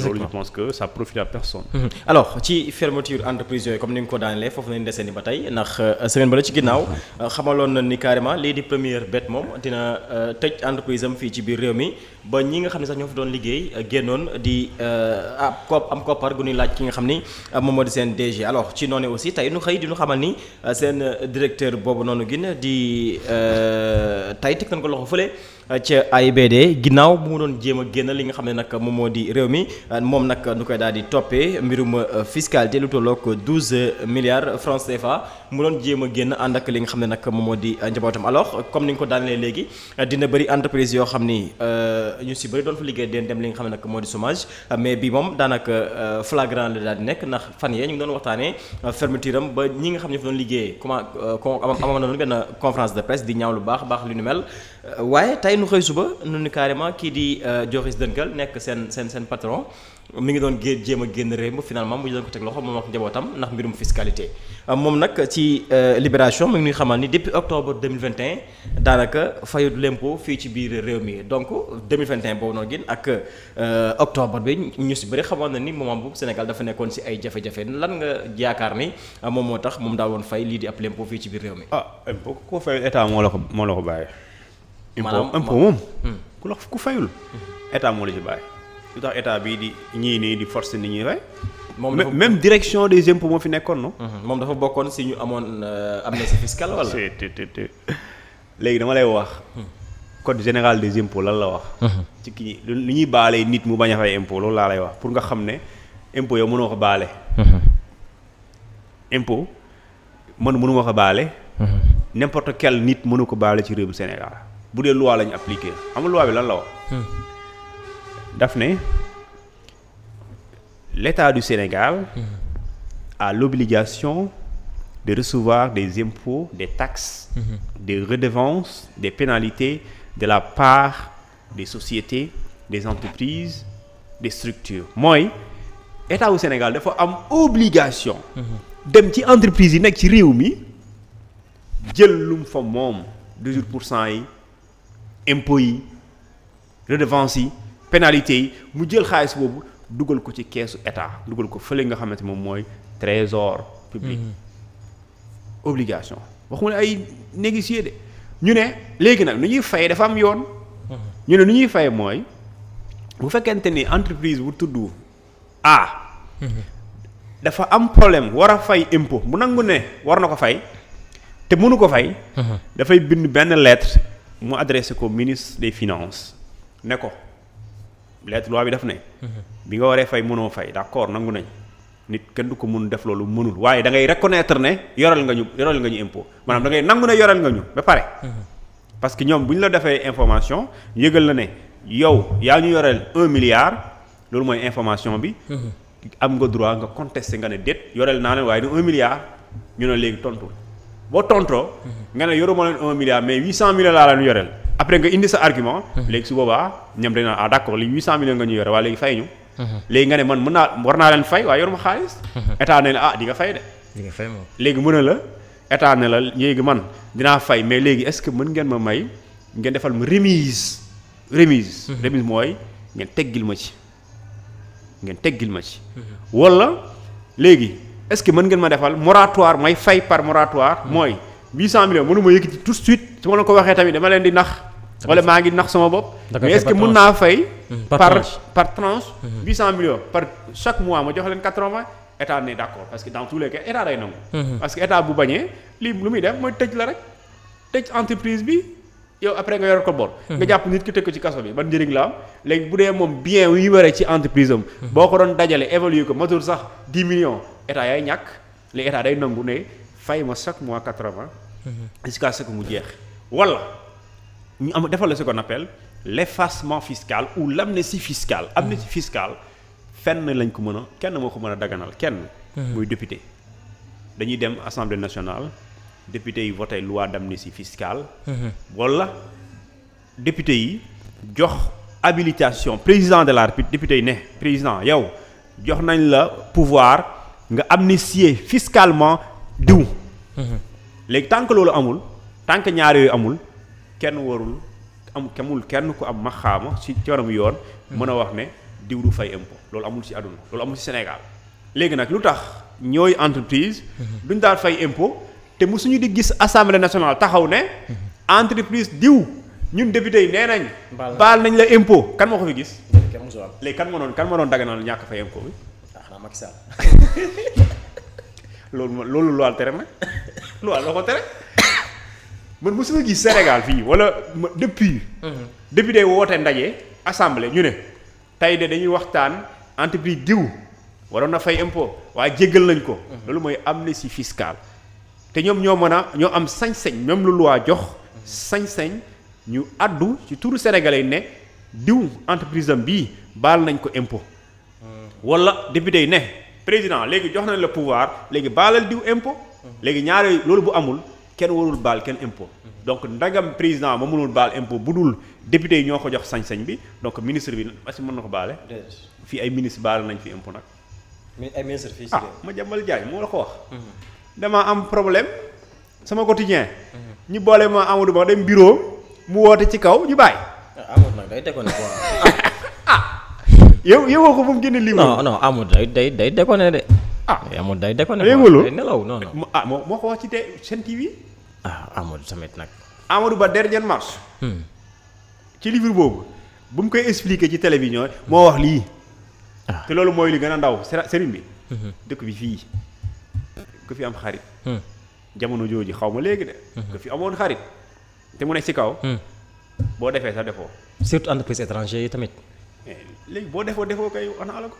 te loolu pense que ça profite à personne. Mhm. alors ci fermeture entreprise yooyu comme ni nga ko daanelee foofu nañu desee ni ba tey ndax euh, semaine ba la ci ginnaaw mhm. euh, xamaloon na ni carrément lii di première bête moom dina euh, tëj entreprise am fii ci biir réew mi ba ñi nga xam ne sax ñoo fi doon liggéey génnoon di ab kopp am koppar gu ñuy laaj ki nga xam ni moom moo di seen DG alors ci noonu aussi tey nu xëy di nu xamal ni seen directeur boobu noonu gin di tey teg nañ ko loxo fële. ca AIBD ginnaaw bu mu doon jéem a génn li nga xam ne nag moom moo di réew mi moom nag nu koy daal di toppee mbirum euh, fiscalité lu tolloog douze milliards francs fa mu doon jéem a génn ànd ak li nga xam ne nag moom di euh, njabootam alors comme ni nga ko daanelee léegi dina bëri entreprise yoo xam ni euh, ñu si bëri doon fa liggéey den dem li nga xam ne nag moo di chômage mais bi moom daanaka flagrant la daal di nekk ndax fan yee ñu ngi doon waxtaanee fermeture ba ñi nga xam ne fa doon liggéey comment amoon na doon benn conférence de presse di ñaaw lu baax baax lu ni mel waaye tey nu xëy suba nu ni carrément kii di euh, Joris Dënkal nekk seen seen seen patron mu ngi doon gé jéem a génn réew mi finalement mu doon ko teg loxo moom ak njabootam ndax mbirum fiscalité euh, moom nag ci euh, libération mi ngi ñuy xamal ni depuis octobre 2021 daanaka fayut l'impôt fii ci biir réew mi donc 2021 boobu noonu gin ak octobre bi ñu si bëri xamoon na ni moment bu Sénégal dafa nekkoon si ay jafe-jafe lan nga yaakaar ni moo tax moom daa fay lii di ab l'impôt fii ci biir réew mi. ah impôt koo fay état moo la ko moo la ko bàyyi. maanaam impôt moom hmm. ku la ku fayul hmm. état moo la ci bàyyi lu tax état bii di ñii nii di force nit ñuy fay moom dafa même direction des impôts moo fi nekkoon hmm. moom dafa bokkoon si ñu amoon euh, amnistie fiscale wala léegi dama lay wax code général des impôts lan la wax ci ki li ñuy baalee nit mu bañ a fay impôt loolu laa lay wax pour nga xam ne impôt yow mënoo ko baale impôt man wax a baale n'importe quel nit mënu ko baale ci réew bu Sénégal bu dee loi lañu appliqué xam loi bi lan la hmm. daf ne l'État du Sénégal. Hmm. a l'obligation de recevoir des impôts des taxes. Hmm. des redevances des pénalité de la part des sociétés des entreprises des structures mooy État wu Sénégal dafa am obligation. dem ci entreprise yi nekk ci réew mi jël lum fa moom 12 pour cent yi. impôts yi redevance yi pénalité yi mu jël xaalis boobu dugal ko ci keesu état dugal ko fële nga xamante moom mooy trésor public mhm. obligation waxuma ne ay négocier de ñu ne léegi nag nu ñuy fay dafa am yoon mhm. ñu ne nu ñuy fay mooy bu fekkente ni entreprise bu tudd ah dafa am problème war a fay impôt bu nangu ne war na ko fay te mënu ko fay dafay bind benn lettre mu adressé ko ministre des finance ne ko lettre loi bi def ne. Mhm. bi nga waree fay mënoo fay d'accord nangu nañ. nit kenn du ko mun def loolu mënul waaye da ngay reconnaître ne yoral nga ñu yoral nga ñu impôt maanaam da ngay nangu na yoral nga ñu ba pare. Mhm. parce que ñoom bu ñu la defee information yëgal na ne yow yaa ñu yoreel un milliard loolu mooy information bi. Mhm. am nga droit nga contester nga ne déet yoreel naa leen waaye du un milliard ñu ne léegi tontu. boo tontoo. nga ne yoruma leen un milliard mais huit cent mille laa la yoreel. après nga indi sa argument. léegi su boobaa ñoom dañu naan ah d' accord li huit cent mille nga ñu yore waa léegi fay ñu. léegi nga ne man mën naa war naa leen fay waaye yoruma xaalis. état ne la ah di nga fay de. nga fay moom léegi mën na la état ne la léegi man dinaa fay mais léegi est ce que mën ngeen ma may ngeen defal ma remise. remise. remise mooy ngeen teggil ma ci ngeen teggil ma ci. Mhm. wala est-ce que mën ngeen ma defal moratoire may fay par moratoire hmm. mooy 800 millions mënu ma yëkkati tout la ko waxee tamit dama nax. maa ngi nax sama bopp. mais est naa fay. Hmm, par tranche par tranche. 800 hmm, millions par chaque mois ma jox leen 80 état ne d'accord parce que dans tous les cas état day nangu. parce bu bañee lii lu muy def mooy tëj la rek tëj entreprise bi yow après nga yor ko bor. nga jàpp nit ki tëj ko ci kaso bi ban njëriñ la am léegi bu dee moom bien yu waree ci entreprise boo ko doon dajale évaluer ko matul sax 10 millions. état yaay ñàkk léegi état day nangu ne fay ma chaque mois quatre-vingt mhm. jusqu'à ce que mu jeex wala ñu am defal la ce qu'on appelle l'effacement fiscal ou l'amnistie fiscale mhm. amnistie fiscale fenn lañ ko mën a kenn moo ko mën a daganal kenn mhm. muy député dañuy dem assemblée nationale député yi voté loi si fiscale wala député yi jox habilitation président de la république député yi ne président yow jox nañ la pouvoir nga amnistier fiscalement diw. Mhm. léegi tant loolu amul tant que ñaar yooyu amul kenn warul am amul kenn ku am maxaama ci coram yoon. Mhm. mën a wax ne diw du fay impôt loolu amul ci àdduna loolu amul ci Sénégal. léegi nag lu tax ñooy entreprise mhm. ñu daal fay impôt te mu mosuñu di gis assemblée nationale taxaw ne entreprise diw ñun député yi nee nañ. baal nañ la impôt kan moo ko fi gis. léegi kan moo doon kan moo doon daganal ñàkk fay impôt bi. Macky Sall loolu ma loolu luwaal tere ma luwaal loo ko tere man mosuma gis Sénégal fii wala depuis. Mhm. depuis day woote ndaje assemblée ñu ne tey de dañuy waxtaan entreprise diw waroon na fay impôt waaye jéggal nañ ko. Mhm. loolu mooy amnistie fiscale. te ñoom ñoo mën a ñoo am sañ-sañ même lu loi jox mhm. sañ-sañ ñu àddu ci turu sénégalais yi ne diw entreprise bii baal nañ ko impôt. wala député yi ne président léegi jox nañ la pouvoir léegi baalal diw impo léegi ñaare loolu bu amul kenn warul baal kenn impôt donc ndagam président ma mënul baal impôt bu dul député yi ñoo ko jox sañ-sañ bi donc ministre bi est-ce que mën na ko baale fii ay ministre baal nañ fi impôt nag mais ay ministre fii ah ma jàmbal jaay moo la ko wax mhm. damaa am problème sama quotidien mhm. ñu boole ma Amadou Ba dem bureau mu woote ci kaw ñu bàyyi ah, amoon nag day tegoon quoi yow yow ko fu mu génne lii. non non amul day day day déconné de. ah eh, amul day déconné. day nelaw non non. ah moo moo ko wax ci te seen TV. ah Amadou tamit nag. Amadou Ba dernière marche. Hmm. ci livre boobu bu mu koy expliquer ci télévision moo wax lii. Ah. te loolu mooy li gën a ndaw sëriñ bi. Hmm. dëkk bi fii ku fi am xarit. Hmm. jamono jooju xaw ma léegi de. ku fi amoon xarit. te mu nekk ci kaw. boo defee sax defoo. surtout entreprise étrangère yi tamit. léegi boo defoo defoo kay ana ala ko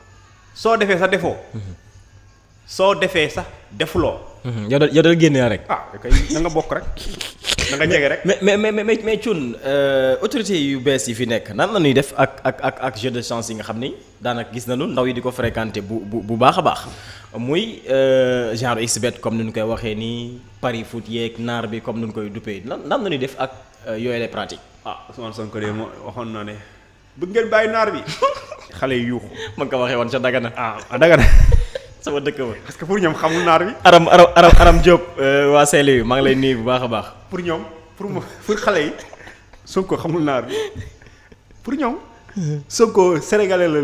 soo defee sax defoo. soo defee sax defuloo. Mhm. yow da yow da génnee rek. ah nga bokk rek na nga jege rek. mais mais mais mais mais Thioune euh, autorité yu bees yi fi nekk nan la ñuy def ak ak ak ak de chance yi nga xam ni daanaka gis nañu ndaw yi di ko fréquenter bu bu bu baax a baax muy euh, genre xbet comme ni ñu koy waxee nii pari foot yeeg naar bi comme ni ñu koy duppee nan nan la ñuy def ak euh, yooyu les pratique ah Ousmane Sonko de waxoon na ne. bëgg ngeen bàyyi naar bi xale yi yuuxu ma nga ko waxee woon sa daggana a dagana ah, ah, sama dëkk ba parce que pour ñoom xamul naar bi aram aram aram aram Diop euh, waa Saint-Louis maa ngi lay nuyu bu baax a baax pour ñoom pour mo pour xale yi Sonko xamul naar bi pour ñoom Sonko sénégalais la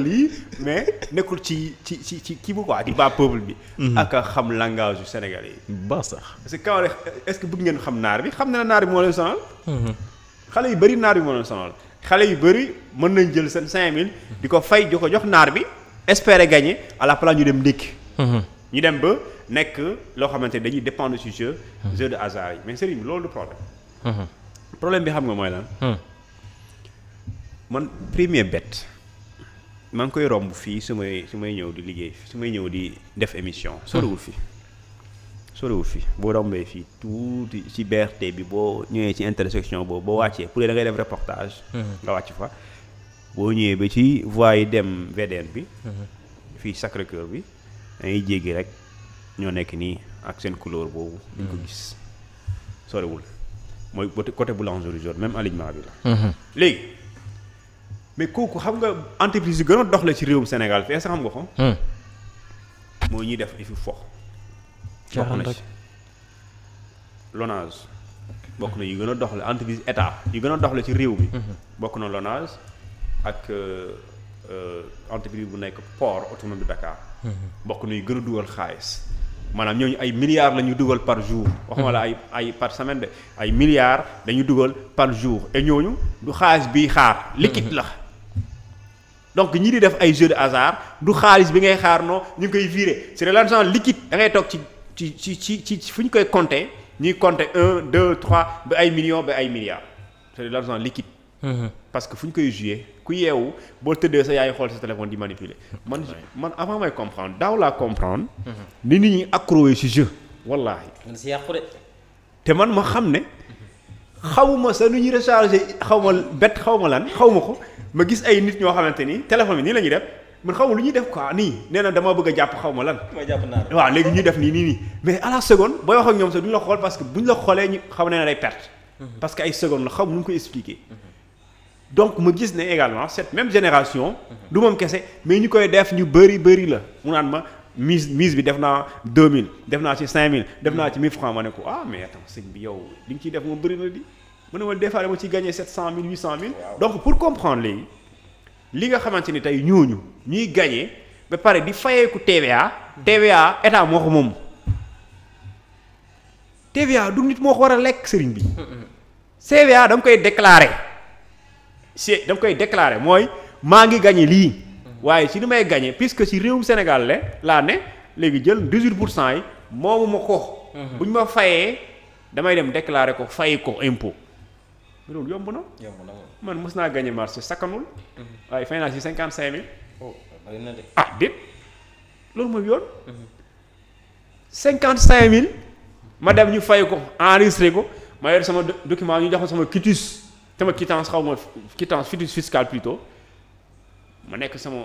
mais nekkul ci ci ci ci kii bu quoi di baa bi mhm. ak a xam langage yu sénégalais yi baax sax parce que ce que ngeen xam naar bi xam na naar bi moo sonal mhm. xale yu bëri naar bi moo leen sonal xale yu bëri mën nañ jël seen mille di ko fay di ko jox naar bi espérer gagner à la place ñu dem ndékki. Mhm. ñu dem ba nekk loo xamante ne dañuy dépendre ci jeu. Mhm. jeu de hasard yi mais Serigne loolu du problème. Mhm. problème bi xam nga mooy lan. man premier bet maa ngi koy romb fii su may su may ñëw di liggéey su may ñëw di def émission. soriwul fii. sorewul fi boo rombee fii tuuti ci BRT bi boo ñëwee ci intersection boobu boo wàccee pour da ngay def reportage mhm. nga wàcc fa boo ñëwee ba ci voie yi dem VDN bi mhm. fii Sacré Cœur bi dangay jéggi rek ñoo nekk nii ak seen couleur boobu duñ ko mhm. gis sorewul mooy côté boulangerie jaune même alignement bi la léegi mais kooku xam nga entreprise yu gën a dox la ci réewum Sénégal fi est xam nga ko hmm. moo ñuy def ifi fox bokk na ci bokk na yu gën a doxle entreprise état yu gën a doxle ci réew mi mhm. bokk na Lonase ak euh, euh, entreprise bu nekk port autonome Dakar mhm. bokk na yu gën a dugal xaalis maanaam ñooñu ay milliards la ñuy dugal par jour mhm. waxuma la ay ay par semaine de ay milliards dañuy dugal par jour et ñooñu du xaalis bi xaar liquide la donc ñi di def ay jeux de hasard du xaalis bi ngay xaar noo ñu ngi koy viré c'est de l'argent liquide da ngay ci ci ci ci ci fu ñu koy compter ñuy compter un deux trois ba ay millions ba ay milliards c'est de l'argent liquide. Mm-hmm. parce que fu ñu koy jouer ku yeewu boo tëddee sa yaay xool sa téléphone di manipuler. man man avant may comprendre daaw la comprendre. Mm-hmm. ni nit ñi accroché ci jeu. wallaahi. man te man ma xam ne. xawma sa nu ñuy recharger xaw ma bett xaw ma lan xaw ma ko ma gis ay nit ñoo xamante ni téléphone yi nii la ñuy def. man xaw lu ñuy def quoi nii nee na damaa bëgg a jàpp xaw ma lan. ma jàpp naa la waaw léegi ñuy def nii nii nii mais à la seconde booy wax ak ñoom sax duñ la xool parce que buñ la xoolee ñu mhm. koy expliquer. donc ma gis ne également cette même génération. Mhm. du moom kese mais ñu koy def ñu bëri bëri la mu naan ma mise mise bi def naa 2000 def naa ci 5000 def naa ci 1000 francs ma ne ko ah mais attends sëñ bi yow li nga def moom bëri na di ma ne ma des fois dama ciy gagné 700000 800000. donc pour comprendre li nga xamante ni tey ñooñu ñuy gagné ba pare di fayeeku TVA. TVA état moo ko moom. TVA du nit moo ko war a lekk sëriñ bi. CVA da koy déclarer. si da koy déclarer mooy maa ngi gagné lii. waaye si li may gagné puisque si réewum Sénégal la laa ne léegi jël 18 pour cent yi moomu ma ko. bu ñu ma fayee damay dem déclarer ko fayee ko impôt. loolu yomb na. man mës naa gagné marché sakkanul. Mhm. waaye fay naa si cinquante cinq mille. oh ah déet loolu mooy yoon. cinquante cinq mille. ma dem ñu fay ko enregistré ko ma yor sama document ñu jox sama quitus sama quittance xaw ma quittance quitus fiscale plutôt ma nekk sama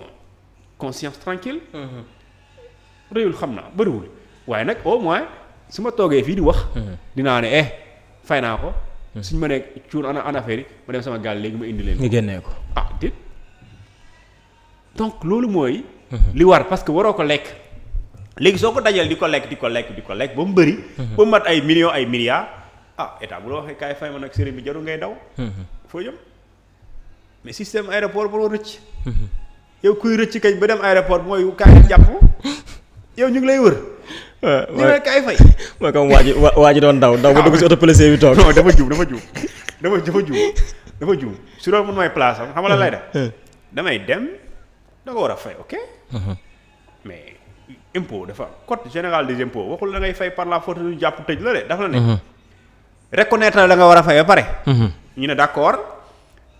conscience tranquille mhm. réyul xam naa bëriwul waaye nag au moins su ma toogee fii di wax. Mhm. dinaa ne eh fay naa ko. suñ ma nekk cuun ana ana affaire yi ma dem sama gaal léegi ma indi leen. nga génnee ko ah déet donc loolu mooy. Mhm. li war parce que waroo ko lekk. léegi soo ko dajal di ko lekk di ko lekk di ko lekk ba mu bëri. Mhm. ba mu mat ay millions ay milliards ah état bu la waxee kaay fay ma nag sëriñ bi jarul ngay daw. Mhm. foo yëpp mais système aéroport boo rëcc. yow kuy rëcc kañ ba dem aéroport mooy kaay jàpp yow ñu ngi lay wër. waaw waaye kay fay. mooy waa ji doon daw daw ba dugg si oto policier bi toog. non dafa juum dafa juum dafa dafa juum dafa juum su doon am xam nga hmm. damay dem da war a fay ok. Hmm. mais impôt dafa code général des impôts waxul da ngay fay par la force du jàpp tëj la de dafa na ne. Hmm. reconnaître la nga war a fay ba pare. ñu ne d'accord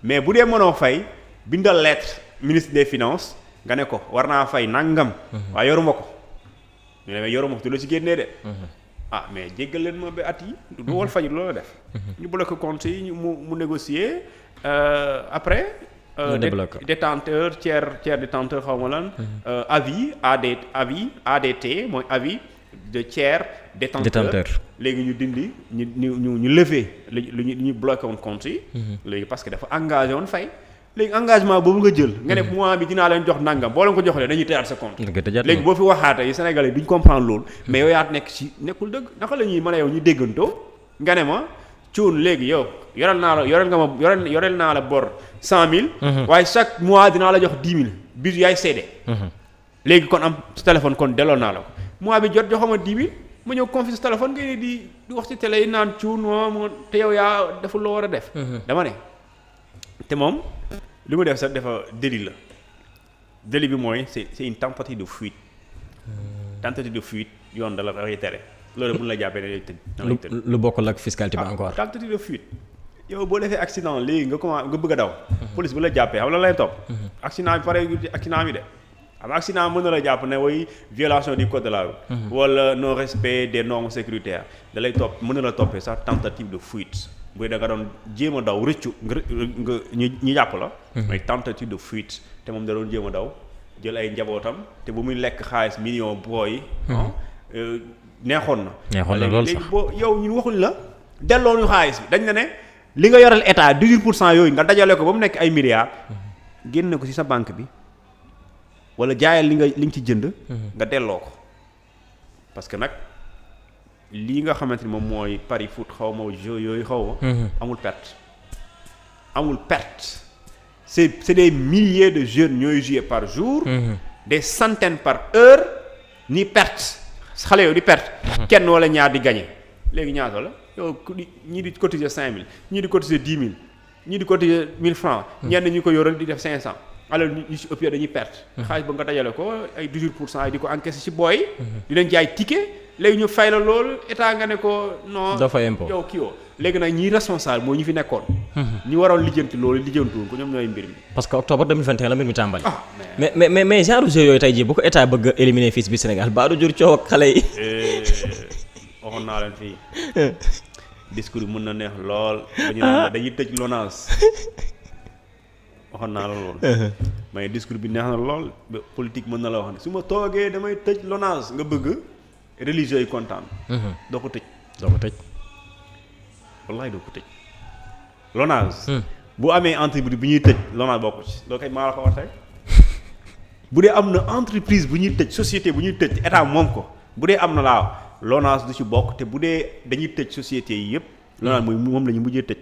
mais bu dee mënoo fay bindal lettre ministre des finances nga ne ko war naa fay nangam. waaye yoruma ko. ñu ne mais yoroo moom du la si génnee de. Mhm. ah mais jéggal leen ma ba at yi. du wal faj loolu la def. Mhm. ñu bloqué compte yi mu mu négocier euh, après. Euh, détenteur tiers tiers détenteur xaw ma lan. Mhm. Euh, avis AD avis ADT mooy avis de tiers détenteur léegi ñu dindi ñu ñu ñu lever lu ñu lu ñu bloqué woon compte yi. léegi parce que dafa engage woon fay. léegi engagement boobu nga jël nga ne hmm. mois bi dinaa leen jox nangam boo leen ko joxlee dañuy tëjaat sa compte léegi boo fi waxaate yi sénégalais duñ comprendre loolu hmm. mais yow nekk ci nekkul dëgg naka la ñuy mën a yow ñu déggantoo nga ne ma cuun léegi yow yoreel naa la yoreel nga ma yoreel yoreel naa la bor cent mille hmm. waaye chaque mois dinaa la jox dix mille bis yaay seede léegi kon am sa téléphone kon delloo naa la ko mois bi jot joxama dix mille ma ñëw confie sa téléphone di wax ci télé yi naan cuun ma yow yaa deful loo war a def dama ne te moom li mu def sax dafa délit la délit bi mooy c'est c'est une tentative de fuite hmm. tentative de fuite yoon dala koy tere loolu bu la jàppee da lay tëj. lu bokk bokkul ak fiscalité bi ah, encore. tentative de fuite yow boo defee accident léegi nga commencé nga bëgg a daw. Hmm. police bu la jàppee xam la lay topp. Hmm. accident bi pare accident bi de. am accident mën na la jàpp ne way violation du code de la route. wala non respect des normes sécuritaires da lay topp mën na la toppee sax tentative de fuite. bu da nga doon jéema daw rëccu nga nga ñu ñu jàpp la. mais mhm. tentative de fuite te moom da doon jéem a daw jël ay njabootam te bu muy lekk xaalis million booy. Mhm. Ah, euh, neexoon na. neexoon na loolu sax yow ñun waxuñ la delloo ñu xaalis bi dañ la ne li nga yoral état 18 pour cent yooyu nga dajale ko ba mu nekk ay milliards. Mhm. génne ko ci sa banque bi wala jaayal li nga li nga ci jënd. nga delloo ko parce nag. lii nga xamante ni moom mooy pari foot xaw ma jeu yooyu xaw ma. Mhm. amul perte amul perte c'est c'est des milliers de jeunes ñooy jouer par jour. Mhm. des centaines par heure ni perte xale yooyu di perte. Mhm. kenn wala ñaar di gagné léegi ñaata la yow ñii di cotiser cinq mille ñii di cotiser dix mille ñii di cotiser mille francs ñenn ñu ko yoral di def cinq cent. alors ñu si ëpp dañuy perte. xaalis ba nga dajale ko ay dix pour cent di ko encaisser ci booy. di leen jaay ticket. léegi ñu fay la lool état nga ne ko non. dafa impôt yow léegi nag ñi responsable moo ñu fi nekkoon. Mhm. ñi waroon lijjanti loolu lijjantuwoon ko ñoom ñooy mbir mi. parce que octobre 2021 la mbir mi tàmbali. Ah, mais mais mais mais genre yooyu tey jii bu ko état bëgg a éliminer fii bi Sénégal baa du jur coow ak xale yi. Eh, naa leen fii discours bi mën na neex lool. dañuy tëj LONASE. waxoon naa la lool. Uh-huh. mais discours bi neex na lool politique mën na la wax ne su ma toogee damay tëj LONASE nga bëgg. religieux yi kontaan. Mhm. doo ko tëj. doo ko tëj. wallaay doo ko tëj. Lonase. Hmm. bu amee entreprise bu ñuy tëj Lonase bokk ci loo koy maa ko war bu dee am na entreprise bu ñuy tëj société bu ñuy tëj état moom ko bu dee am na laa Lonase du ci bokk te bu dee dañuy tëj société yi yëpp. Hmm. Lonase mooy moom la ñu mujjee tëj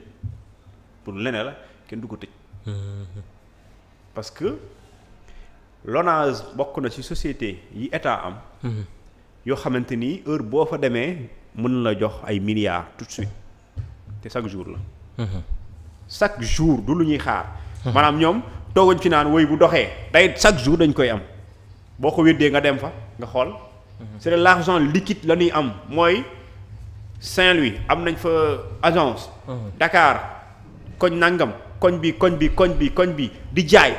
pour leneen la kenn du ko tëj. Hmm. parce que Lonase bokk na ci société yi état am. yoo xamante ni heure boo fa demee mën la jox ay milliards tout suite te chaque jour la. Mhm. chaque jour du lu ñuy xaar. Mhm. maanaam ñoom tooguñ ci naan woy bu doxee day chaque jour dañ koy am boo ko wéddee nga dem fa nga xool. Mhm. c'est de l'argent liquide la ñuy am mooy Saint-Louis am nañ fa agence. Dakar koñ nangam koñ bi koñ bi koñ bi koñ bi di jaay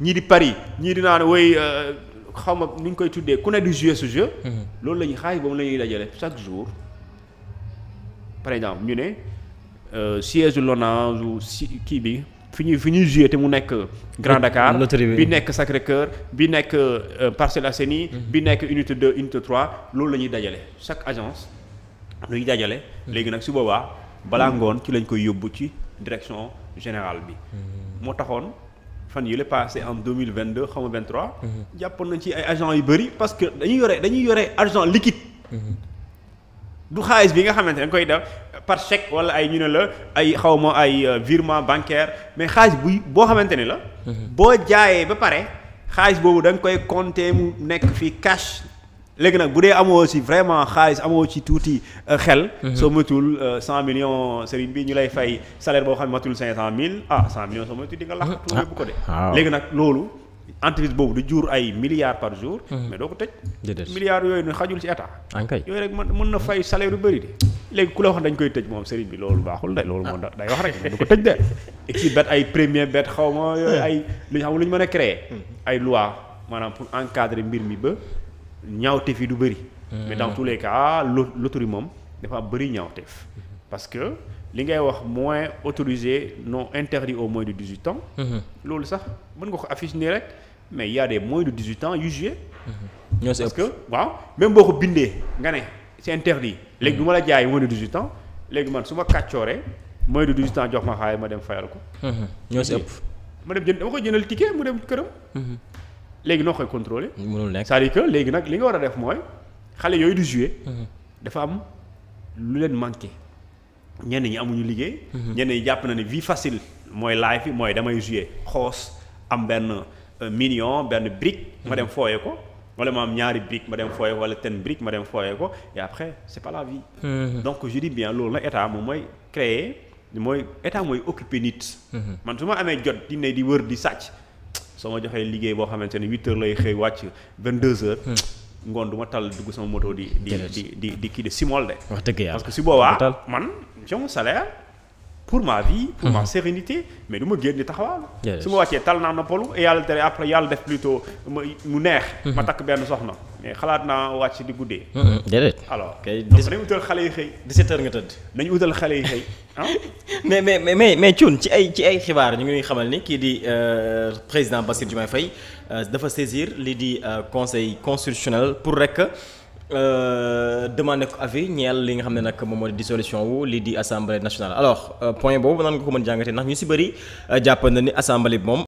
ñii di Paris ñii di naan woy. Euh, xaw ma nu ñu koy tuddee ku ne di jouer ce jeu. Mhm. loolu la ñuy xaalis boobu la ñuy dajale chaque jour par exemple ñu ne euh, siège LONASE ou si kii bi fi ñuy fi ñuy jouer te mu nekk. Grand Dakar bi nekk Sacré Cœur bi nekk euh, Parcelles seni mhm. bi nekk unité 2 unité trois loolu lañuy ñuy dajale chaque agence lu ñuy dajale. Mhm. léegi nag si boobaa balaa ngoon ci lañ koy yóbbu ci direction général bi. moo taxoon. fan yu la passé en 2022 xaw ma 23. Mhm. jàppoon nañ ci ay yu bëri parce que dañuy yore dañu yore argent liquide. Mhm. du xaalis bi nga xamante ne dañ koy def par chèque wala ay ñu ne la ay xaw ma ay euh, virement bancaire mais xaalis buy boo xamante ne la. Mhm. boo jaayee ba pare xaalis boobu da nga koy compter mu nekk fii cash. léegi nag bu dee amoo ci vraiment xaalis amoo ci tuuti euh, xel. Mhm. soo matul euh, cent million sëriñ bi ñu lay fay salaire boo xam ne matul cinq cent mille ah cent millions soo matul di nga tuuti ah, bu ko de. Ah, léegi nag loolu entreprise boobu du jur ay milliards par jour. Mhm. mais doo ko tëj. déedéet milliards yooyu nag xajul ci état. ankay yooyu rek mën na fay salaire bëri de. dañ koy tëj moom sëriñ bi loolu baaxul de loolu moom ah. day wax rek du ko tëj de. exit ay premier bet xaw ma yooyu hmm. ay lu ñu xam lu ñu mën a créer hmm. ay loi maanaam pour encadrer mbir mi ba. ñaawteef yi du bëri. Mm-hmm. mais dans tous les cas loterie moom dafa bëri ñaawteef. Mm-hmm. parce que li ngay wax moins autorisé non interdit au moins de 18 ans. Mm-hmm. loolu sax mën nga ko affiche nii rek mais y des moins de 18 ans yu joué. ñoo si parce que waaw boo ko bindee nga ne c'est interdit. léegi du jaay moins de 18 ans léegi man su ma kàccooree moins de 18 ans jox ma xaalis ma dem fayal ko. ñoo si ëpp. ma dem jënd dama koy jëndal ticket mu dem këram. léegi noo koy contrôler mënul nekk c'est-à-dire que léegi nag li nga war a def mooy xale yooyu di jouer mhm. dafa am lu leen manqué ñenn ñi amuñu liggéey mhm. ñenn ñi jàpp na ne vie facile mooy life bi mooy damay jouer xoos am benn euh, million benn brique ma mhm. dem fooye ko wala moo am ñaari brique ma dem fooye ko wala ten brique ma dem fooye ko et après c'est pas la vie donc je bien loolu nag état moom mooy créer mooy état mooy occuper nit man su ma amee jot di di wër di sàcc soo ma joxee liggéey boo xamante ni huit heures lay xëy wàcc vingt deux heures hmm. ngoon duma ma tal dugg sama moto di di di di kii de simol de wax dëgg yàlla parce que si boobaa man j'ai mon salaire pour ma vie pour ma hmm. sérénité mais du ma génn di taxawaal su ma wàccee tal naa noppalu et yàlla tere après yàlla def plutôt mu neex hmm. ma takk benn soxna mais eh, xalaat naa wàcc di guddee. déedéet. alors donc nañu utal xale yi xëy. 17h nga tëdd. nañu utal xale yi xëy ah. mais mais mais mais Thioune ci ay ci ay xibaar ñu ngi xamal ni kii di euh, président Bassirou Diomaye Faye euh, dafa saisir lii di euh, conseil constitutionnel pour rek demander ko avis ñeel li nga xam ne nag moom moo di dissolution wu lii di assemblée nationale. alors point boobu nan nga ko mën jàngatee ndax ñu si bëri jàpp na ni assemblée bi moom.